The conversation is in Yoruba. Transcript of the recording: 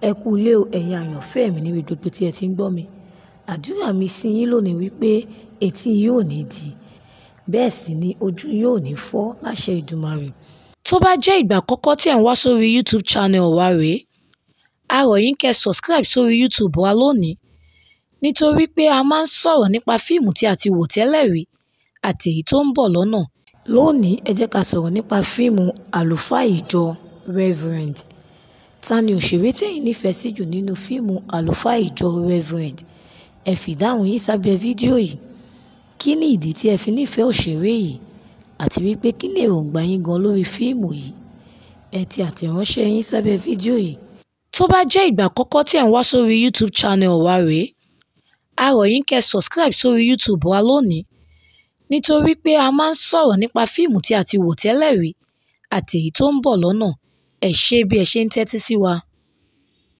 Ẹ kú ilé o, ẹ̀yin àyànfẹ́ mi níbi gbogbo tí ẹ ti ń gbọ́ mi. Àdúrà mi sí yín lónìí wípé etí yín ò ní di, bẹ́ẹ̀ sì ni ojú yín ò ní fọ́ láṣẹ Èdùmàrè. Tó bá jẹ́ ìgbà àkọ́kọ́ tí ẹ̀ ń wá sórí YouTube channel wa rèé, a yín kẹ́ subscribe sórí YouTube wa lónìí nítorí pé a máa ń sọ̀rọ̀ nípa fíìmù tí a ti wò tẹ́lẹ̀ rí àti èyí tó ń bọ̀ lọ́nà. Lónìí, ẹ jẹ́ ká sọ̀rọ̀ nípa fíìmù Àlùfáà Ìjọ Reverend Ta ni òṣèré tí ẹ̀yin nífẹ̀ẹ́ sí jù nínú fíìmù àlùfáà ìjọ Reverend? Ẹ fi ìdáhùn yín sábẹ́ fídíò yìí. Kí ni ìdí tí ẹ fi nífẹ̀ẹ́ òṣèré yìí? Àti wípé kí ni èròǹgbà yín gan lórí fíìmù yìí? Ẹ ti àtẹ̀ránṣẹ́ yín sábẹ́ fídíò yìí. Tó bá jẹ́ ìgbà àkọ́kọ́ tí ẹ̀ ń wá sórí YouTube channel wa rèé, a rọ̀ yín kẹ́ subscribe sórí YouTube wa lónìí nítorí pé a máa ń sọ̀rọ̀ nípa fíìmù tí a ti wò tẹ́lẹ̀ rí àti tó ń bọ̀ lọ́nà. Ẹ ṣé bí ẹ ṣe ń tẹ́tí sí wa.